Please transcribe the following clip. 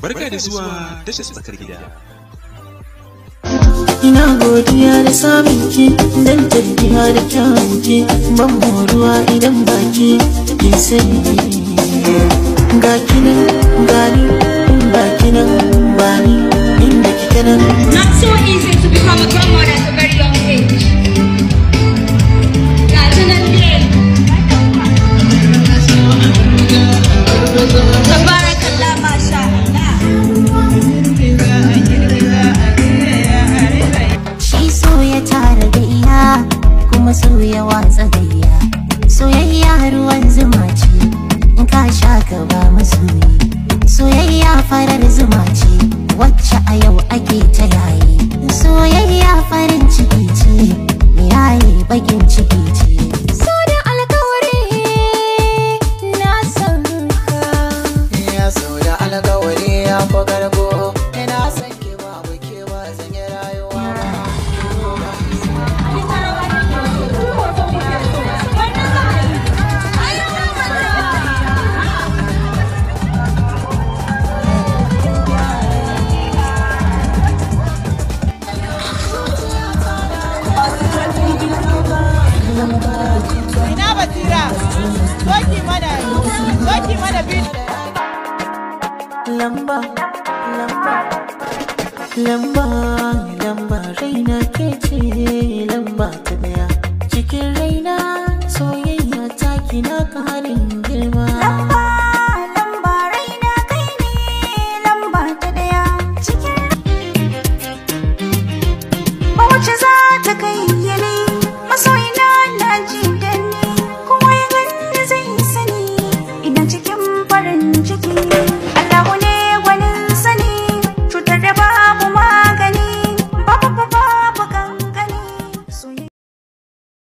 Barka da zuwa tashar tsakar gida. Ina godiya da samun ki dan tarbiya da kyawun ki ban moruwa idan baki ki sani. Ga kinan gani ya watsa soyayya ruwan zuma ce in ka sha ka ba masoyi soyayya farar zuma ce wacce a yau ake ta yayi soyayya farin ciki ce yayi bakin ciki ce alkawari Ina basira, doki mana, doki mana bin. Lamba, lamba, lamba, lamba, raina ke ce lamba ta daya. Cikin raina soyayya ta kina karin girma. Lamba. ta kai